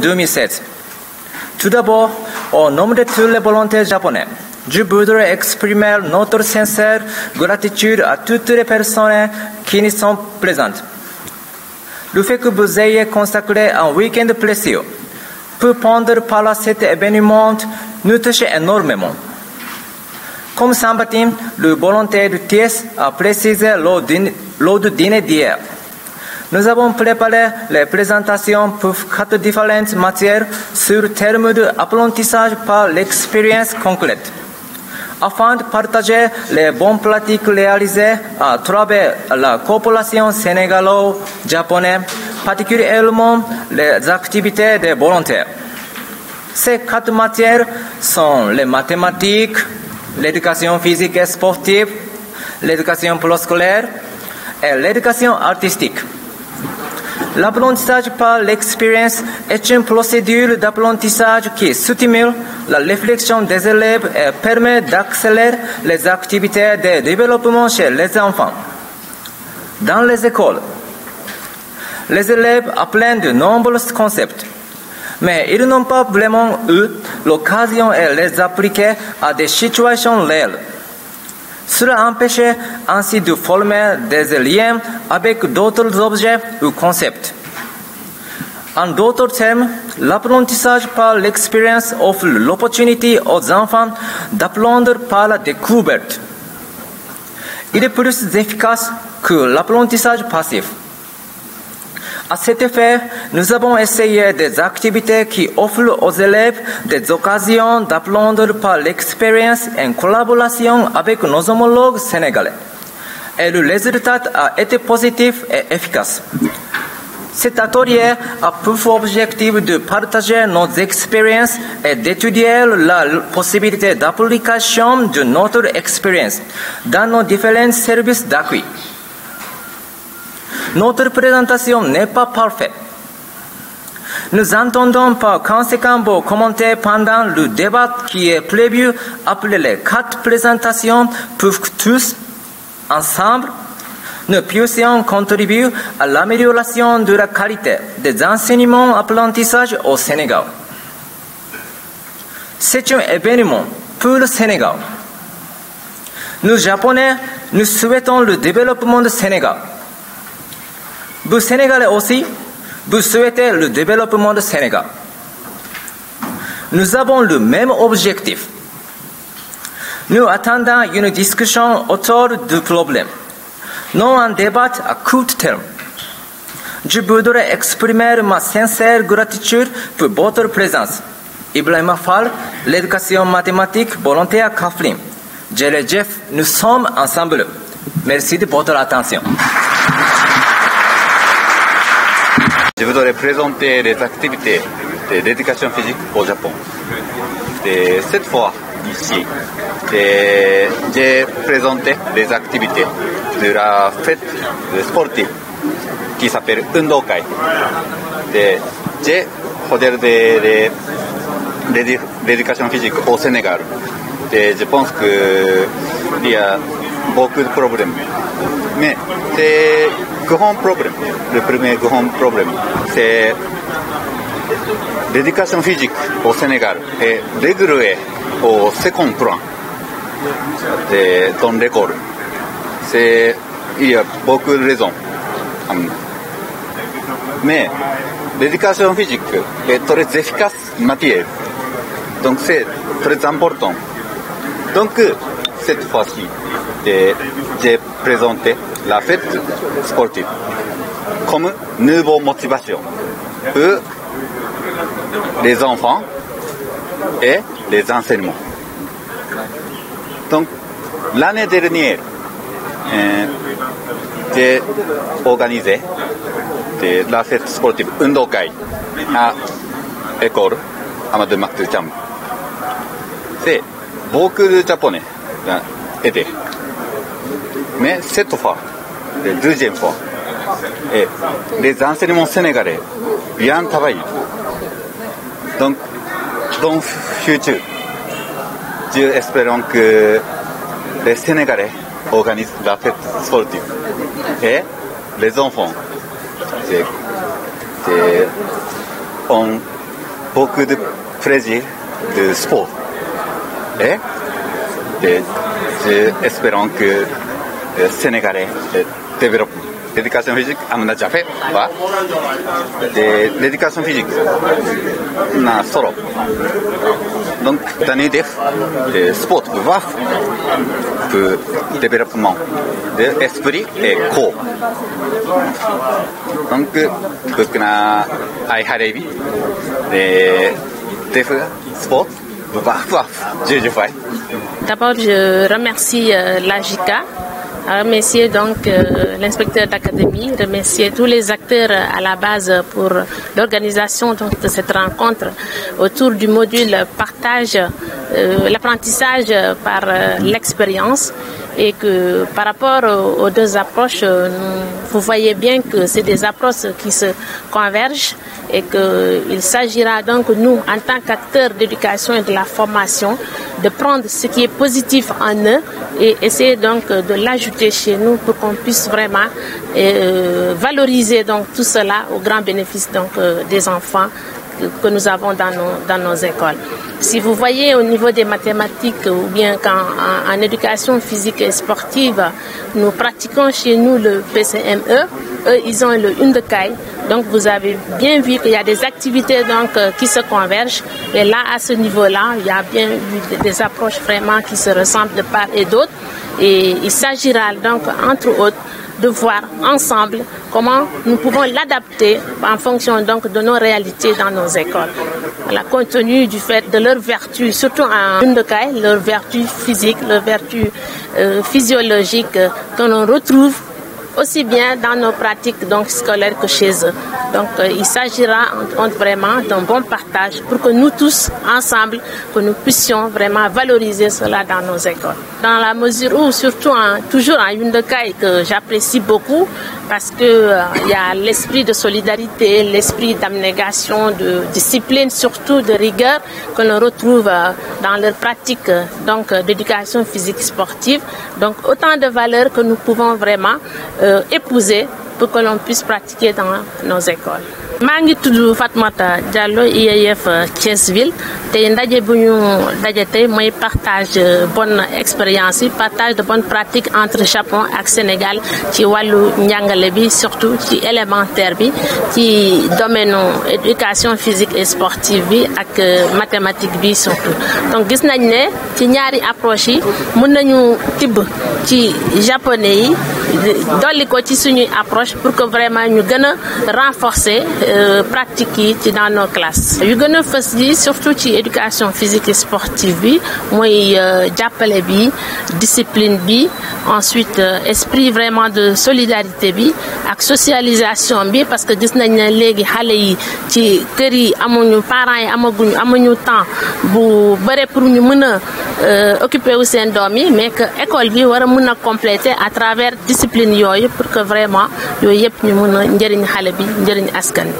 2007. Tout d'abord, au nom de tous les volontaires japonais, je voudrais exprimer notre sincère gratitude à toutes les personnes qui nous sont présentes. Le fait que vous ayez consacré un week-end précieux pour prendre part à cet événement nous touche énormément. Comme samedi, le volontaire du TS a précisé l'ordre d'une dîner d'hier. Nous avons préparé les présentations pour quatre différentes matières sur le thème de l'apprentissage par l'expérience concrète. Afin de partager les bonnes pratiques réalisées à travers la coopération sénégalo-japonaise, particulièrement les activités des volontaires. Ces quatre matières sont les mathématiques, l'éducation physique et sportive, l'éducation proscolaire et l'éducation artistique. L'apprentissage par l'expérience est une procédure d'apprentissage qui stimule la réflexion des élèves et permet d'accélérer les activités de développement chez les enfants. Dans les écoles, les élèves apprennent de nombreux concepts, mais ils n'ont pas vraiment eu l'occasion de les appliquer à des situations réelles. Cela empêche ainsi de former des liens avec d'autres objets ou concepts. En d'autres termes, l'apprentissage par l'expérience offre l'opportunité aux enfants d'apprendre par la découverte. Il est plus efficace que l'apprentissage passif. À cet effet, nous avons essayé des activités qui offrent aux élèves des occasions d'apprendre par l'expérience en collaboration avec nos homologues sénégalais. Et le résultat a été positif et efficace. Cet atelier a pour objectif de partager nos expériences et d'étudier la possibilité d'application de notre expérience dans nos différents services d'accueil. Notre présentation n'est pas parfaite. Nous entendons par conséquent vos commenter pendant le débat qui est prévu après les quatre présentations pour que tous, ensemble, nous puissions contribuer à l'amélioration de la qualité des enseignements apprentissages au Sénégal. C'est un événement pour le Sénégal. Nous, Japonais, nous souhaitons le développement du Sénégal. Vous Sénégalais aussi, vous souhaitez le développement du Sénégal. Nous avons le même objectif. Nous attendons une discussion autour du problème, non un débat à court terme. Je voudrais exprimer ma sincère gratitude pour votre présence. Ibrahim Mafal, l'éducation mathématique volontaire Kaflim. Jerry Jeff, nous sommes ensemble. Merci de votre attention. 自分でプレゼンテーレザクティビティでデディカションフィジックフォージャポンでセットフォア日誌でジェプレゼンテーレザクティビティドゥラフェットスポルティキーサペル運動会でジェホテルデレレディレディカションフィジックオーセネガルでジポンスクリアボークプログラムで gran problema. O p r i m e r gran p r o b l è m e c'est l é d u c a t i o n p h y s i q u e a u s é n é g a l e É r e g u e a u s e c o n d p l a n de Don Record. É, il y a beaucoup de raisons. Mais l'éducation physique est très efficace matière. Donc c'est très important. Donc cette fois-ci, j'ai présenté ラフェッツスポルティブコムヌーボーモチバシオンウレゾンファンエレザンセルモンドンラネデルニエルでオーガニゼでラフェッツスポルティブ運動会アエコールアマドゥマクトゥジャム。でボークルジャポネエデメセットファー deuxième fois. Et les enseignements sénégalais bien travaillent. Donc, dans le futur, espère que les Sénégalais organisent la fête sportive. Et les enfants ont beaucoup de plaisir de sport. Et, et que les Sénégalais développement. dedication physique, I'm not Japan, but the dedication physique, Na solo. Donc, l'année des de sport, de le pour développement de esprit et corps. Donc, pour na ai harebi de le sport va. va, le Je D'abord, je remercie la euh, l'AJICA à remercier donc euh, l'inspecteur d'académie, remercier tous les acteurs à la base pour l'organisation de cette rencontre autour du module partage, euh, l'apprentissage par euh, l'expérience et que par rapport aux deux approches, euh, vous voyez bien que c'est des approches qui se convergent et qu'il euh, s'agira donc nous, en tant qu'acteurs d'éducation et de la formation, de prendre ce qui est positif en eux et essayer donc euh, de l'ajouter chez nous pour qu'on puisse vraiment valoriser donc tout cela au grand bénéfice des enfants que nous avons dans nos, dans nos écoles. Si vous voyez au niveau des mathématiques ou bien quand en, éducation physique et sportive, nous pratiquons chez nous le PCME, eux, ils ont le une de Donc, vous avez bien vu qu'il y a des activités donc, euh, qui se convergent. Et là, à ce niveau-là, il y a bien des approches vraiment qui se ressemblent de part et d'autre. Et il s'agira donc, entre autres, de voir ensemble comment nous pouvons l'adapter en fonction donc de nos réalités dans nos écoles. la compte tenu du fait de leurs vertus, surtout en Bundekai, leurs vertus physiques, leurs vertus euh, physiologiques euh, que l'on retrouve aussi bien dans nos pratiques donc, scolaires que chez eux. Donc euh, il s'agira vraiment d'un bon partage pour que nous tous, ensemble, que nous puissions vraiment valoriser cela dans nos écoles. Dans la mesure où, surtout en, hein, toujours en Yundekai, que j'apprécie beaucoup, parce qu'il euh, il y a l'esprit de solidarité, l'esprit d'abnégation, de discipline, surtout de rigueur, que l'on retrouve euh, dans leurs pratiques donc d'éducation physique sportive. Donc autant de valeurs que nous pouvons vraiment euh, épouser pour que l'on puisse pratiquer dans nos écoles maa ngi tudd Fatmata Diallo IEF euh, Thiès ville tey ndaje bu ñu daje tey mooy partage euh, bonne expérience yi partage de bonne pratique entre Japon ak Sénégal ci wàllu njàngale bi surtout ci élémentaire bi ci domaine éducation physique et sportive bi ak euh, mathématique bi surtout donc gis nañ ne ci ñaari approche yi mën nañu tibb ci japonais yi dolli ko ci suñuy approche pour que vraiment ñu gën a renforcer euh, pratique ci dans nos classes yu gën a fës yi surtout ci éducation physique et sportive bi euh, j'appelle bi discipline bi ensuite euh, esprit vraiment de solidarité bi ak socialisation bi parce que gis nañ ne léegi xale yi ci kër yi amuñu parents yi amaguñu amuñu temps bu béré pour ñu mëna occuper wu sen doom yi mais que école bi wara mëna compléter à travers discipline yoy pour que vraiment yoyep yëpp ñu mëna a xalé bi njëriñ askan bi